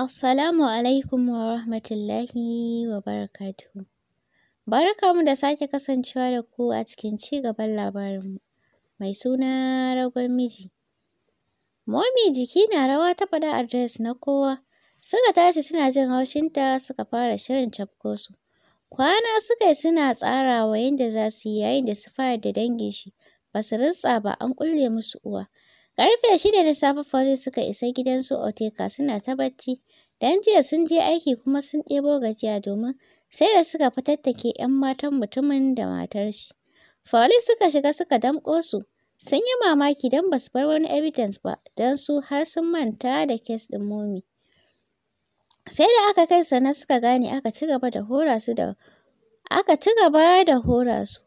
Assalamu alaikum wa rahmatullahi wa barakatuhu. Barakamu da sake kasancewa da ku a cikin ci gaban labarinmu. Mai suna ragon miji. Momi jiki na rawa ta faɗa adres na kowa. Suka tashi suna jin haushinta suka fara shirin cafko su. Kwana suka yi suna tsarawa yadda za su yi yayin da su fara da dangin shi. Ba su rintsa ba an kulle musu uwa. Karfe shida na safe fari suka isa gidansu Oteka suna ta bacci. Dan jiya sun je aiki kuma sun ɗebo gajiya domin sai da suka fatattake 'yan matan mutumin da matar shi. Fauli suka shiga suka damƙo su. Sun yi mamaki don ba su bar wani evidence ba, don su har sun manta da kes ɗin momi. Sai da aka kai sannan suka gane aka ci gaba da hora su da aka ci gaba da hora su.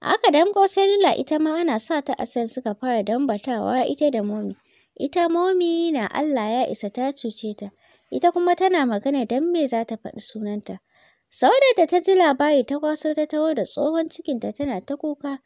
Aka damƙo selula ita ma ana sa ta a suka fara dambatawa ita da momi. Ita momi na Allah ya isa ta cuce ta. ita kuma tana magana don me za ta faɗi sunanta. Sauda da ta ji labari ta kwaso ta taho da tsohon cikinta tana ta kuka.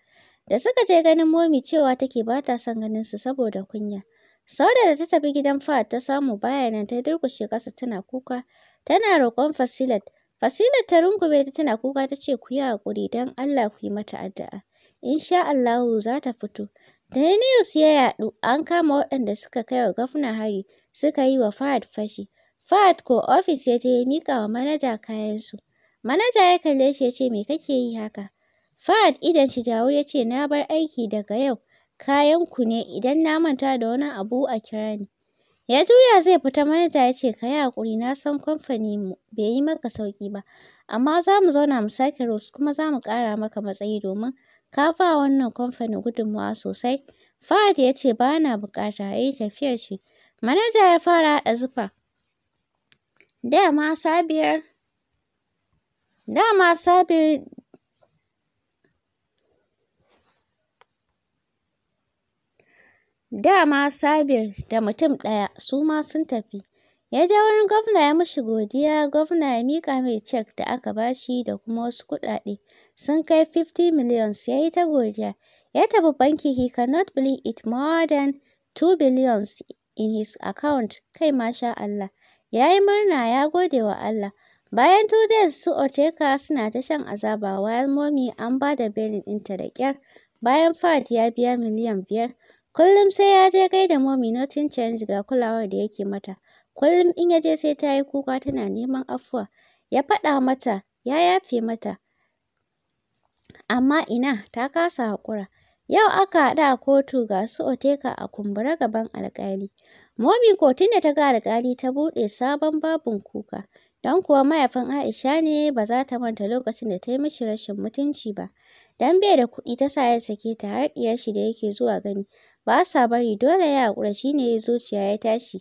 Da suka je ganin momi cewa take ba ta son ganin su saboda kunya. Sauda da ta tafi gidan Fahad ta samu baya nan ta durkushe ƙasa tana kuka. Tana roƙon Fasilat. Fasilat ta rungume ta tana kuka ta ce ku yi haƙuri don Allah ku yi mata addu'a. Insha Allahu za ta fito. Da news ya yaɗu an kama waɗanda suka kai wa gwamna hari suka yi wa Fahad fashi. Fahad ko ofis ya je ya miƙa wa manaja kayansu. Manaja ya kalle shi ya ce me kake yi haka? Fahad idan shi jawur ya ce na bar aiki daga yau. Kayan ku ne idan na manta da wani abu a kira ni. Ya juya zai fita manaja ya ce ka yi haƙuri na san kamfani mu bai yi maka sauƙi ba. Amma za mu zauna mu sake rusu kuma za mu ƙara maka matsayi domin ka fa wannan kamfani gudunmawa sosai. Fahad ya ce ba na buƙata ya yi tafiyar shi. Manaja ya fara haɗa zufa. Dama Sabir, dama Sabir dama sabiyar da mutum ɗaya su ma sun tafi. Ya je wurin gwamna ya mashi godiya, gwamna ya miƙa mai cek da aka bashi da kuma wasu kuɗaɗe. Sun kai 50 millions ya yi ta godiya. Ya tafi banki he cannot believe it more than 2 billions in his account, kai masha Allah. ya yi murna ya gode wa Allah. Bayan two days su Ortega suna ta shan azaba while Mommy an ba da belin ɗinta da ƙyar bayan fad ya biya miliyan biyar. Kullum sai ya je gaida momi notin change ga kulawar da yake mata. Kullum in ya je sai ta yi kuka tana neman afuwa. Ya faɗa mata ya yafe mata. Amma ina ta kasa haƙura. Yau aka haɗu a kotu ga su Oteka a kumbura gaban alƙali. Momi kotun da ta ga alƙali ta buɗe sabon babun kuka. Don kuwa mahaifin Aisha ne ba za ta manta lokacin da ta yi mishi rashin mutunci ba. Dan bai da kuɗi ta sa ya sake ta har ɗiyar shi da yake zuwa gani. Ba sa bari dole ya haƙura shi ne zuciya ya tashi.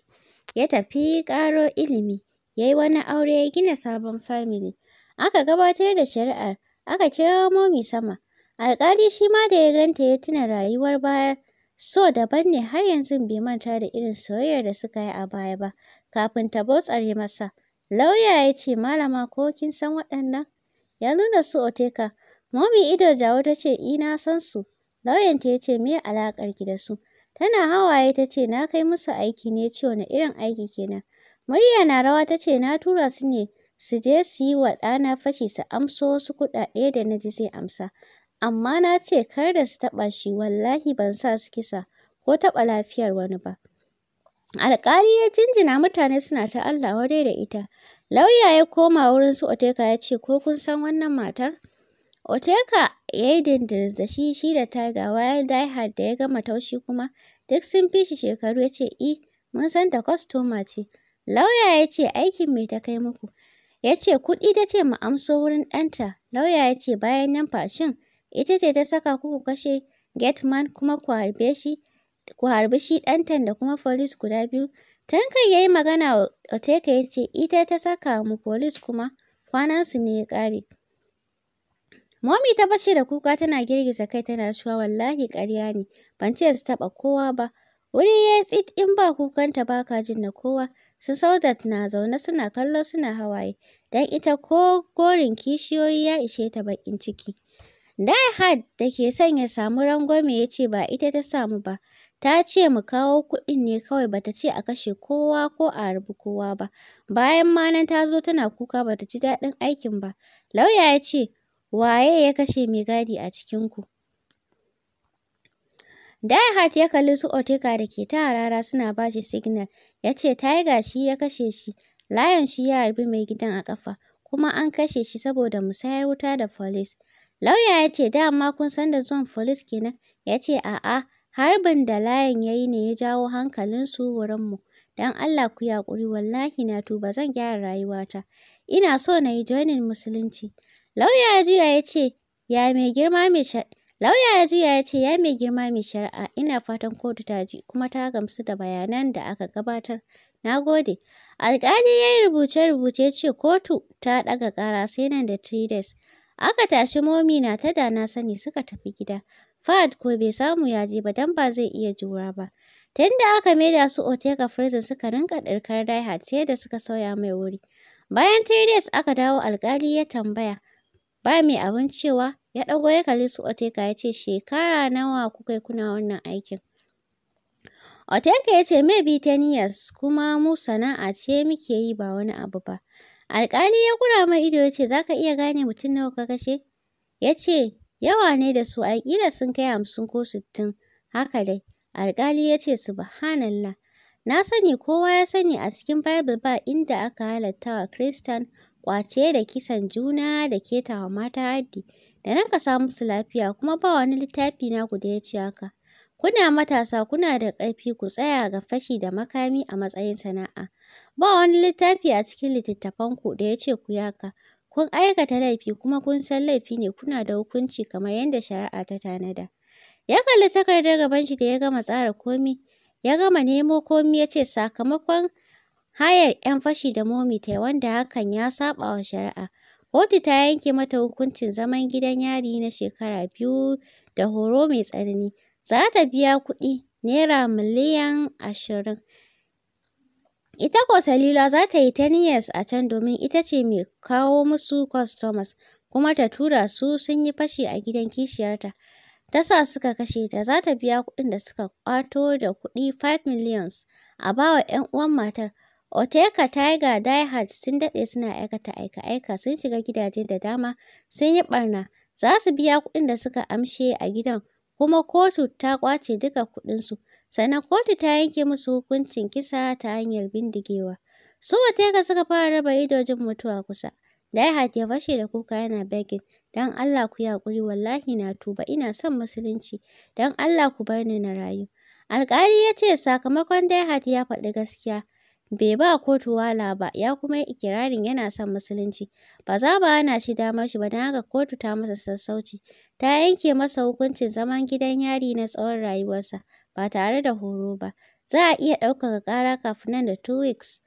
Ya tafi ƙaro ilimi. Ya yi wani aure ya gina sabon famili. Aka gabatar da shari'ar. Aka kira momi sama. Alƙali shi ma da ya ganta ya tuna rayuwar baya So daban ne har yanzu bai manta da irin soyayyar da suka yi a baya ba, kafin ta botsare masa. Lauya ya ce, Malama ko kin san waɗannan? Ya nuna su Oteka. Momi ido jawo ta ce, I eh, na san su. Lauyanta ya ce, Me alaƙar ki da su? Tana hawaye ta ce, Na kai musu aiki ne ce na irin aiki kenan. Murya na rawa ta ce, Na tura su ne su je su yi wa ɗana fashi su amso wasu kuɗaɗe da na ji zai amsa. amma na ce kar da su taɓa shi wallahi ban sa su kisa ko taɓa lafiyar wani ba. Alƙali ya jinjina mutane suna ta Allah wadai da ita. Lauya ya koma wurin su Oteka ya ce ko kun san wannan matar? Oteka ya yi dindiris da shi shi da Tiger Wild Die Hard da ya gama taushi kuma duk sun fi shi shekaru ya ce i eh, mun san ta kwastoma ce. Lauya ya ce aikin me ta kai muku? Ya ce kuɗi ta ce mu amso wurin ɗanta. Lauya ya ce bayan nan fashin Ita ce ta saka ku kashe Gateman kuma ku harbe shi, ku harbi shi ɗantan da kuma folis guda biyu. Tankan ya yi magana Oteka ya ce, ita ta saka mu folis kuma kwanansu ne ya ƙare. Momi ta bace da kuka tana girgiza kai tana cewa wallahi ƙarya ne, ban ce su taɓa kowa ba. Wuri ya yi tsit in ba kukanta ba ka jin da kowa, su Saudat na zaune suna kallo suna hawaye, don ita ko gorin kishiyoyi ya ishe ta bakin ciki. Dihad da ke son ya samu rangwame ya ce ba ita ta samu ba, ta ce mu kawo kuɗin ne kawai ba ta ce a kashe kowa ko a harbi kowa ba. Bayan ma nan ta zo tana kuka ba ta ji daɗin aikin ba. Lauya ya ce, waye ya kashe mai gadi a cikinku? Dihad ya kalli su Oteka da ke ta harara suna ba shi signal, ya ce Tiger shi ya kashe shi, Lion shi ya harbi mai gidan a ƙafa, kuma an kashe shi saboda musayar wuta da police. Lauya ya ce, dama kun san da zuwan folis kenan? Ya ce, a'a, harbin da layin ya yi ne ya jawo hankalinsu wurinmu. Don Allah ku yaƙuri, wallahi na tuba zan gyara rayuwata. Ina so na yi joinin musulunci. Lauya ya juya ya ce, ya mai girma mai shari'a, ina fatan kotu ta ji kuma ta gamsu da bayanan da aka gabatar. Na gode. Alƙali ya yi rubuce-rubuce ce kotu ta ɗaga ƙara sai nan da 3 days. Aka tashi momi na ta da na sani suka tafi gida. Fahad ko bai samu ya je ba dan ba zai iya jura ba. Tun aka maida su Otega prison suka rinka ɗirkar Daihat sai da suka sauya mai wuri. Bayan three aka dawo alkali ya tambaya. Ba mai abin cewa ya ɗago ya kalli su Otega ya ce shekara nawa kuka yi kuna wannan aikin. Otega ya ce maybe ta years kuma mu sana'a ce muke yi ba wani abu ba. Alƙali ya kura mai ido ya ce za ka iya gane mutum nawa ka kashe? Ya ce yawa ne da su a sun kai hamsin ko sittin haka dai. Alƙali ya ce subhanallah. Na sani kowa ya sani a cikin Bible ba inda aka halatta wa Kiristan ƙwace da kisan juna da ketawa mata haddi. Da nan ka samu su lafiya kuma ba wani littafi ku da ya ce haka. Kuna matasa kuna da ƙarfi ku tsaya ga fashi da makami a matsayin sana'a. Ba wani littafi a cikin littattafanku da ya ce ku yaka, Kun aikata laifi kuma kun san laifi ne kuna da hukunci kamar yadda shari'a ta tanada. Ya kalli takardar gaban shi da ya gama tsara komi, ya gama nemo komi ya ce sakamakon hayar 'yan fashi da momi tai wanda hakan ya saɓa wa shari'a. Kotu ta yanke mata hukuncin zaman gidan yari na shekara biyu da horo mai tsanani. za ta biya kuɗi Naira miliyan ashirin. Ita ko Salila za ta yi ten years a can domin ita ce mai kawo musu customers kuma ta tura su sun yi fashi a gidan kishiyarta. Ta sa suka kashe ta za ta biya kuɗin da suka ƙwato da kuɗi 5 millions a bawa 'yan uwan matar. Oteka Tiger Die Hard sun daɗe suna aikata aika-aika sun shiga gidaje da dama sun yi ɓarna. Za su biya kuɗin da suka amshe a gidan kuma kotu ta ƙwace duka kuɗinsu. Sannan kotu ta yanke musu hukuncin kisa ta hanyar bindigewa. Su Otega suka fara raba ido jin mutuwa kusa. Daihat ya fashe da kuka yana begging, dan Allah ku yaƙuri wallahi na tuba ina son musulunci, dan Allah ku bar ni na rayu. Alƙali ya ce sakamakon Daihat ya faɗi gaskiya, bai ba kotu wala ba ya kuma yi ikirarin yana son musulunci ba za ba ana shi damar shi ba don haka kotu ta masa sassauci ta yanke masa hukuncin zaman gidan yari na tsawon rayuwarsa ba tare da horo ba za a iya ɗaukar ƙara kafin nan da two weeks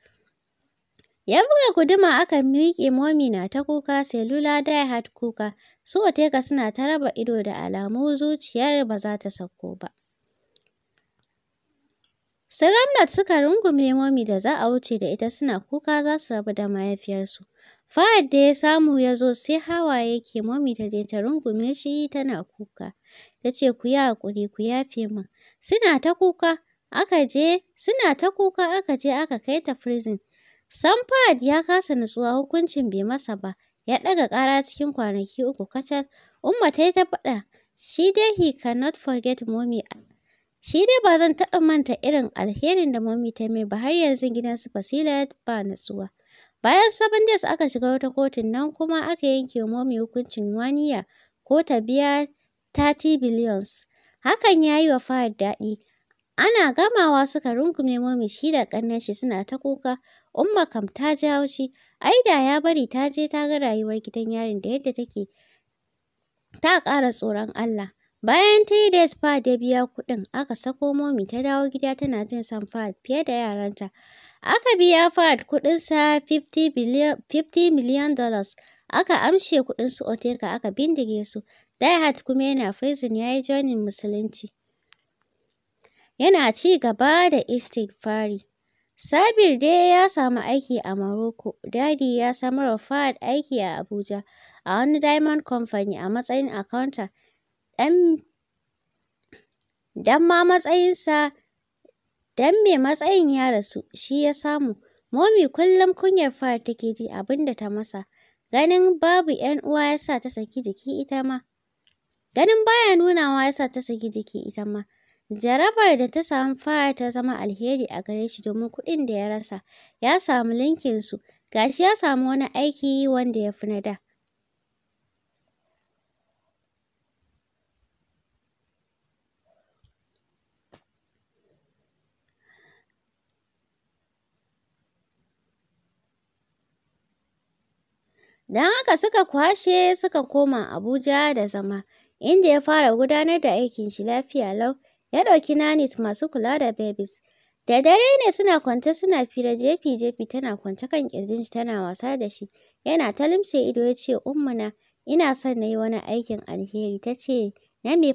ya buga guduma aka miƙe momi na ta kuka selula die kuka su oteka suna ta raba ido da alamu zuciyar ba za ta sauko ba Su Ramnat suka rungume momi da za a wuce da ita suna kuka za su rabu da mahaifiyarsu. Fahad da ya samu ya zo sai hawaye ke momi ta je ta rungume shi tana kuka. Ta ce ku yi haƙuri ku yafe min. Suna ta kuka aka je suna ta kuka aka je aka kai ta prison. Sam Fahad ya kasa nutsuwa hukuncin bai masa ba. Ya ɗaga ƙara cikin kwanaki uku kacal. Umma ta yi ta faɗa. She dai he cannot forget momi. Shi dai ba zan taɓa manta irin alherin da mami ta mai ba har yanzu gidan su Fasila ba natsuwa. Bayan sabon days aka shiga wata kotun nan kuma aka yanke wa mami hukuncin waniya ko ta biya 30 billions. Hakan ya yi wa Fahad daɗi. Ana gamawa suka rungume mami shi da ƙannen shi suna ta kuka. Umma kam ta ji haushi. Aida ya bari ta je ta ga rayuwar gidan yarin da yadda take. Ta ƙara tsoron Allah. Bayan three days Fahad ya biya kuɗin, aka sako momi ta dawo gida tana jin son fad fiye da yaranta. Aka biya Fahad kuɗinsa 50 million dollars. Aka amshe kuɗin su Oteka aka bindige su. Daihat kuma yana prison ya yi joinin musulunci. Yana ci gaba da Fari. Sabir dai ya samu aiki a Morocco. Dadi ya samar wa Fahad aiki a Abuja a wani diamond company a matsayin accountant. dan dan ma matsayinsa dan me matsayin ya rasu shi ya samu. Momi kullum kunyar fara take ji abinda ta masa. Ganin babu ‘yan uwa yasa ta saki jiki ita ma. Ganin baya nunawa ya ta saki jiki ita ma. Jarabar da ta samu fara ta zama alheri a gare shi domin kuɗin da ya rasa ya samu linkinsu. Gashi ya samu wani aiki wanda ya fi na da. Don haka suka kwashe suka koma Abuja da zama, inda ya fara gudanar da aikin shi lafiya lau, ya ɗauki nanis masu kula da babies. Da dare ne suna kwance suna fira jefi-jefi tana kwance kan kirjin shi tana wasa da shi. Yana ta limse ido ya ce, Ummuna, ina son na yi wani aikin alheri. Ta ce, Na me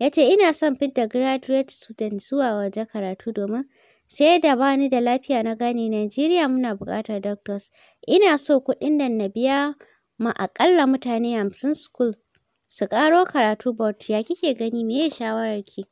Ya ce, Ina son fidda graduate student zuwa waje karatu domin Sai da bani da lafiya na gane Najeriya muna buƙatar doctors. Ina so kuɗin nan na biya ma aƙalla mutane hamsin school su ƙaro karatu but ya kike gani meye shawararki?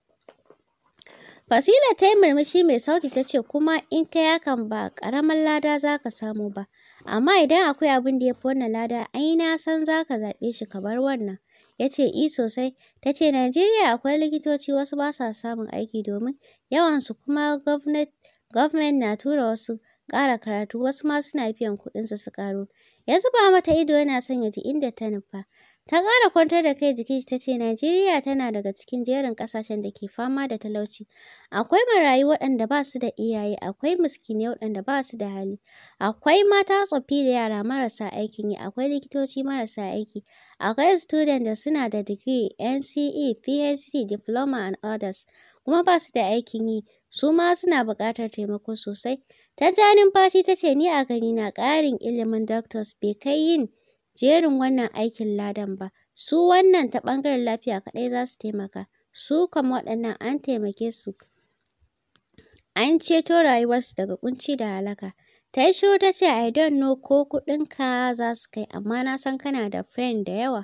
Fasila ta yi murmushi mai sauti ta ce kuma in kai hakan ba ƙaramin lada za ka samu ba. Amma idan akwai abin da ya fi wannan lada ai na san za ka zaɓe shi ka bar wannan. Ya ce i eh, sosai. Ta ce Najeriya akwai likitoci wasu ba sa samun aiki domin yawansu kuma gwamnati na tura wasu ƙara karatu wasu ma suna biyan kuɗinsu su ƙaro. Ya zuba mata ido yana son ya ji inda ta nufa. Ta ƙara kwantar da kai jiki ta ce Najeriya tana daga cikin jerin ƙasashen da ke fama da talauci. Akwai marayu waɗanda ba su da iyaye, akwai miskinai waɗanda ba su da hali, akwai mata tsoffi da yara marasa aikin yi, akwai likitoci marasa aiki, akwai student da suna da digiri, NCE, PhD, diploma and others, kuma ba su da aikin yi, su ma suna buƙatar taimako sosai. Ta ja numfashi ta ce ni a gani na ƙarin ilimin doctors bai kai yin jerin wannan aikin ladan ba. Su wannan ta ɓangaren lafiya kaɗai za su taimaka, su kama waɗannan an taimake su. An ceto rayuwarsu daga ƙunci da halaka. Ta yi shiru ta ce, I don't know ko kuɗinka za su kai, amma na san kana da friend da yawa.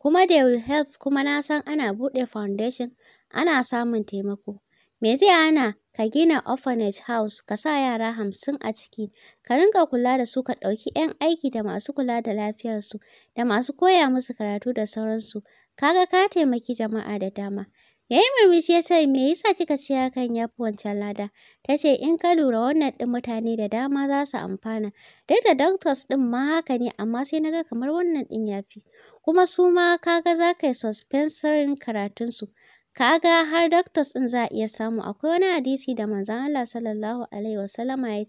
Kuma they will help kuma na san ana buɗe foundation, ana samun taimako. Me zai hana ka gina orphanage house ka sa yara hamsin a ciki, ka rinka kula da su ka ɗauki 'yan aiki da masu kula da lafiyarsu da masu koya musu karatu da sauransu, kaga ka taimaki jama'a da dama. Ya yi murmushi ya ce me yasa kika ce hakan ya fi wancan lada? Ta ce in ka lura wannan ɗin mutane da dama za su amfana. Duk da doctors ɗin ma haka ne amma sai na ga kamar wannan ɗin ya fi. Kuma su ma ka ga za ka yi suspensorin karatunsu. kaga har doctors ɗin za a iya samu akwai wani hadisi da manzon Allah sallallahu alaihi wasallama ya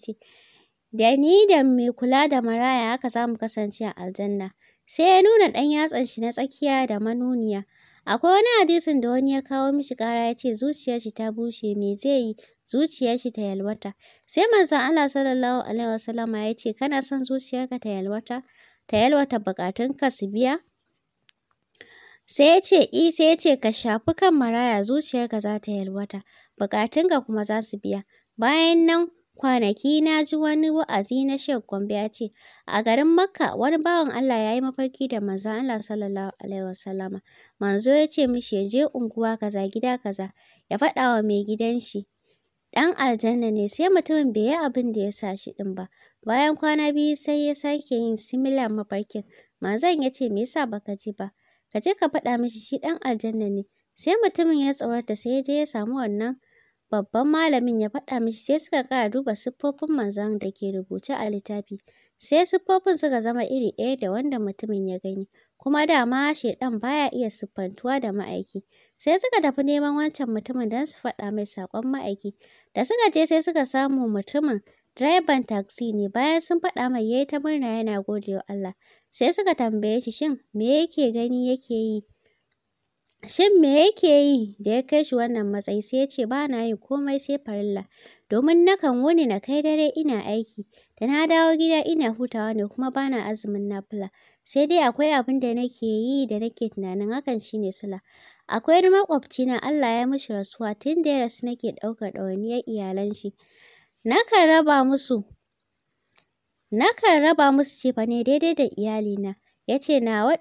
da ni da mai kula da maraya haka za mu kasance a aljanna sai ya nuna ɗan yatsan shi na tsakiya da manuniya akwai wani hadisin da wani ya kawo mishi ƙara ya ce zuciyar shi ta bushe me zai yi zuciyar shi ta yalwata sai manzon Allah sallallahu alaihi wasallama ya kana son zuciyarka ta yalwata ta yalwata bukatunka su biya Sai ya ce, I sai ya ce, ka shafi kan maraya zuciyarka za ta yalwata, ka kuma za su biya. Bayan nan kwanaki na ji wani wa'azi na shek Gombe ya ce, a garin Makka wani bawan Allah ya yi mafarki da manzo Allah sallallahu alaihi wasallama. Manzo ya ce mishi ya je unguwa kaza gida kaza, ya faɗa wa mai gidan shi. Ɗan aljanna ne sai mutumin bai yi abin da ya sa shi ɗin ba. Bayan kwana biyu sai ya sake yin similar mafarkin. Manzon ya ce me yasa baka ji ba? ka je ka faɗa mishi shi ɗan aljanna ne sai mutumin ya tsorata sai ya je ya samu wannan babban malamin ya faɗa mishi sai suka kara duba siffofin manzan da ke rubuce a littafi sai siffofin suka zama iri ɗaya da wanda mutumin ya gani kuma dama shaiɗan baya iya siffantuwa da ma'aiki sai suka tafi neman wancan mutumin don su faɗa mai saƙon ma'aiki da suka je sai suka samu mutumin direban taksi ne bayan sun faɗa mai yayi ta murna yana gode wa Allah sai suka tambaye shi shin me yake gani yake yi shin me yake yi da ya kai shi wannan matsayi sai ya ce ba na yin komai sai farilla domin nakan wuni na kai dare ina aiki da na dawo gida ina hutawa ne kuma ba na azumin nafila sai dai akwai abin da nake yi da nake tunanin hakan shine sila akwai wani makwabcina Allah ya mishi rasuwa tun da ya rasu nake ɗaukar ɗawainiyar iyalan shi nakan raba musu Nakan raba musu cefane daidai da iyalina, ya ce nawa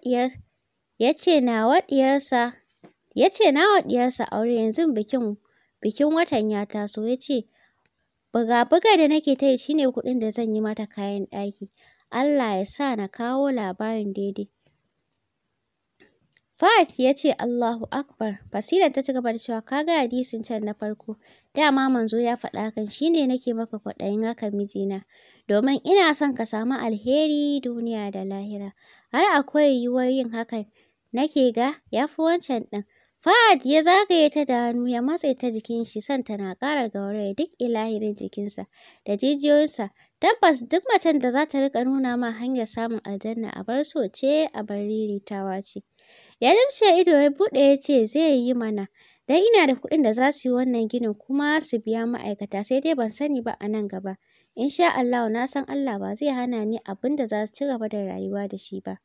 ɗiyarsa aure yanzu bikin watan ya taso, Yace, ce buga-buga da nake ta yi shi kuɗin da zan yi mata kayan ɗaki. Allah ya sa na kawo labarin daidai. Fahad ya ce Allahu Akbar. Basira ta ci gaba da cewa ka ga hadisin can na farko. Dama manzo ya faɗa kan shi ne nake maka kwaɗayin haka mijina. Domin ina son ka samu alheri duniya da lahira. Har akwai yiwuwar yin hakan. Nake ga ya fi wancan ɗin. Fahad ya zagaye ta da hannu ya matse ta jikin shi son tana ƙara gauraya duk ilahirin jikinsa da jijiyoyinsa Tabbas duk matan da za ta riƙa nuna ma hanyar samun aljanna a bar so ce a bar riritawa ce. Ya limshe ido ya buɗe ya ce zai yi mana. Dan ina da kuɗin da za su yi wannan ginin kuma su biya ma'aikata sai dai ban sani ba a nan gaba. in sha Allah na san Allah ba zai hana ni abin da za su ci gaba da rayuwa da shi ba.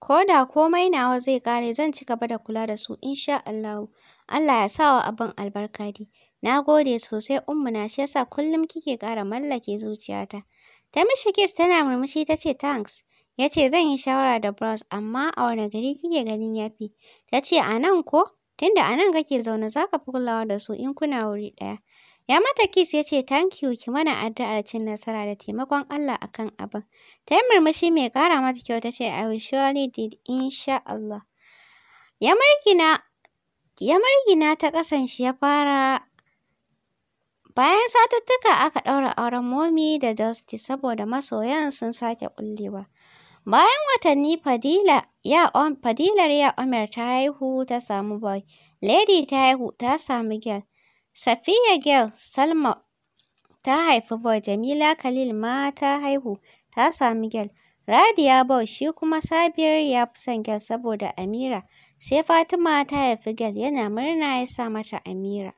Ko da komai nawa zai ƙare zan ci gaba da kula da su insha Allahu. Allah ya sa wa abin albarka dai. Na gode sosai na shi yasa kullum kike ƙara mallake zuciyata. Ta mishi kiss tana murmushi ta ce thanks. Ya ce zan yi shawara da Bros amma a wani gari kike ganin yafi. Ta ce a nan ko? Tunda a nan kake zaune za ka fi kulawa da su in kuna wuri ɗaya. Ya mata kiss ya ce thank you ki mana addu'ar cin nasara da taimakon Allah akan abin. Ta yi murmushi mai kara mata kyau ta ce I will surely did insha Allah. Ya murgina ya murgina ta kasan shi ya fara Bayan satuttuka aka ɗaura auren Momi da Dusty saboda masoyan sun sake ƙullewa. Bayan watanni Fadila ya Fadilar ya Umar ta haihu ta samu boy, Lady ta haihu ta samu girl, Safiya gel, Salma ta haifi boy, Jamila Khalil ma ta haihu, ta sami gel, Radiya Boy shi kuma Sabir ya fi son gel saboda Amira. Sai Fatima ta haifi gel yana murna ya sa mata Amira.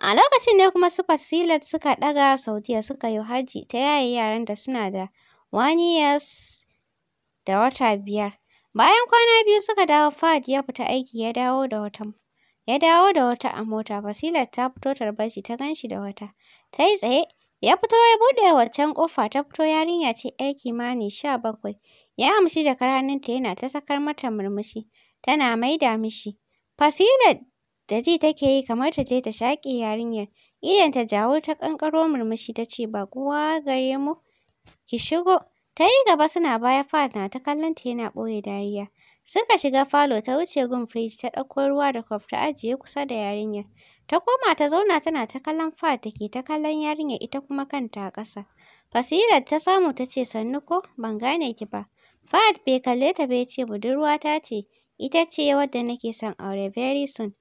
A lokacin ne kuma su Fasilat suka ɗaga Saudiya suka yi hajji ta yayi yaran da suna da wani yas da wata biyar. Bayan kwana biyu suka dawo Fad ya fita aiki ya dawo da wata mu. Ya dawo da wata a mota, Fasilat ta fito tarbar ta gan shi da wata. Ta yi tsaye, ya fito ya buɗe waccan ƙofa ta fito yarinya ce 'yar kimanin sha bakwai. Ya amshi da ƙaraninta yana ta sakar mata murmushi, tana maida mishi. Fasilat da ji take yi kamar ta je ta shaƙe yarinyar, idonta jawo ta ƙanƙaro murmushi ta ce ba kowa gare ki shigo. Ta yi gaba suna baya Fahad na ta kallon yana ɓoye dariya. Suka shiga falo ta wuce gun firiji ta ɗauko ruwa da kwaf ta ajiye kusa da yarinyar. Ta koma ta zauna tana ta kallon fa da ke ta kallon yarinyar ita kuma kanta a ƙasa. Fasilat ta samu ta ce sannu ko ban gane ki ba. Fahad bai kalle ta bai ce budurwa ta ce ita ce wadda nake son aure very soon.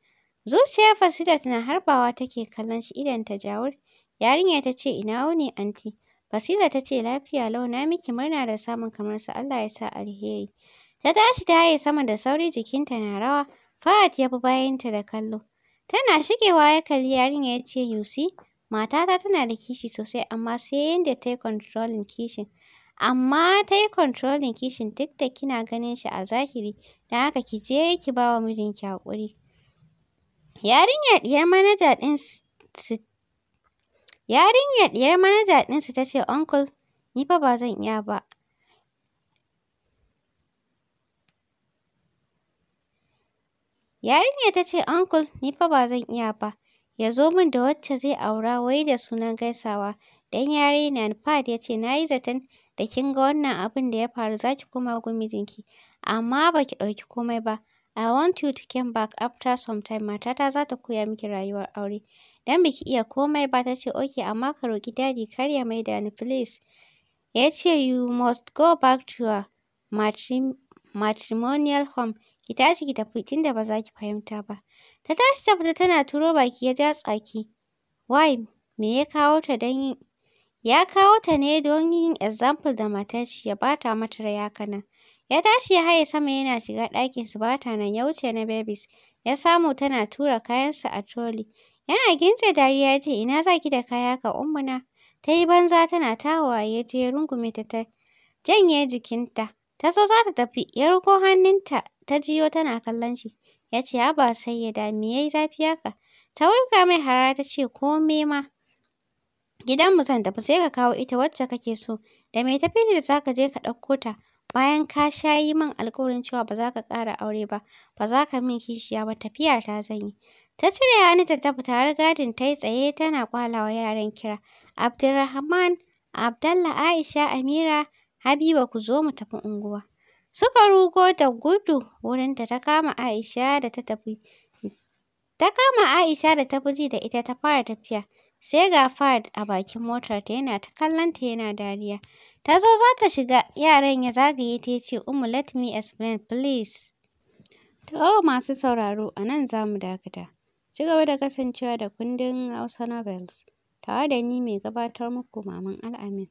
Zuciyar Fasilat na harbawa take kallon shi idan ta jawur. Yarinyar ta ce ina wuni anti. Fasila ta ce lafiya lau na miki murna da samun kamar su Allah ya sa alheri. Ta tashi ta yi sama da sauri jikinta na rawa. Fahad ya bi bayanta da kallo. Tana shigewa ya kalli yarinya ya ce, You matata tana da kishi sosai amma sai yadda ta yi controlling kishin. Amma ta yi controlling kishin duk da kina ganin shi a zahiri, don haka ki je ki bawa wa mijinki haƙuri. Yarinyar ɗiyar manaja ɗin Yarinyar ɗinsu ta ce, Uncle, ni fa ba zan iya ba. yarinya ta ce, Uncle, ni fa ba zan iya ba. Ya zo min da wacce zai aura wai da sunan gaisawa. Dan yare na Fahad ya ce, na yi zaton da kin ga wannan abin da ya faru za ki koma gumijinki mijinki. Amma ba ki ɗauki komai ba. I want you to come back after some time. Matata za ta koya miki rayuwar aure. Dan biki iya komai ba ta ce, ok amma ka roki daddy kar ya maida ni please. Ya ce, you must go back to your matrimonial home. Ki tashi ki tafi tunda ba za ki fahimta ba. Ta tashi ta fita tana turo baki ya ja tsaki. Wai me ya kawo ta don yin ya kawo ta ne don yin example da matar shi ya bata mata rai haka nan. Ya tashi ya haye sama yana shiga ɗakin su bata nan ya wuce na babies. Ya samu tana tura kayansa a trolley. Yana gintse dariya ya ce ina za ki da kaya ka ummuna. Ta yi banza tana tawaye ya je ya rungume ta ta janye jikinta. Ta so za ta tafi, ya riko hannunta, ta jiyo tana kallon shi. Ya ce, haba sayyada, me yayi zafi haka? Ta wurga mai harara ta ce, kome ma. Gidan zan tafi sai ka kawo ita wacce kake so. Da mai tafi ne da za ka je ka ɗauko ta. Bayan ka sha yi min alƙawarin cewa ba za ka ƙara aure ba, ba za ka min kishiya ba, tafiya ta zan yi. Ta cire hannunta ta fita har gadin ta yi tsaye tana kwalawa yaran kira. Abdulrahman, Abdallah, Aisha, Amira, Habiba ku zo mu tafi unguwa. Suka rugo da gudu wurin da ta kama Aisha da ta tafi. Ta kama Aisha da ta ji da ita ta fara tafiya. Sai ga Fahad a bakin motarta yana ta kallon ta yana dariya. Ta zo za ta shiga yaran ya zagaye ta ce Umu let me explain please. To masu sauraro a nan za mu dakata. Ci gaba da kasancewa da kundin Hausa Novels tare da ni mai gabatar muku Maman Al'amin.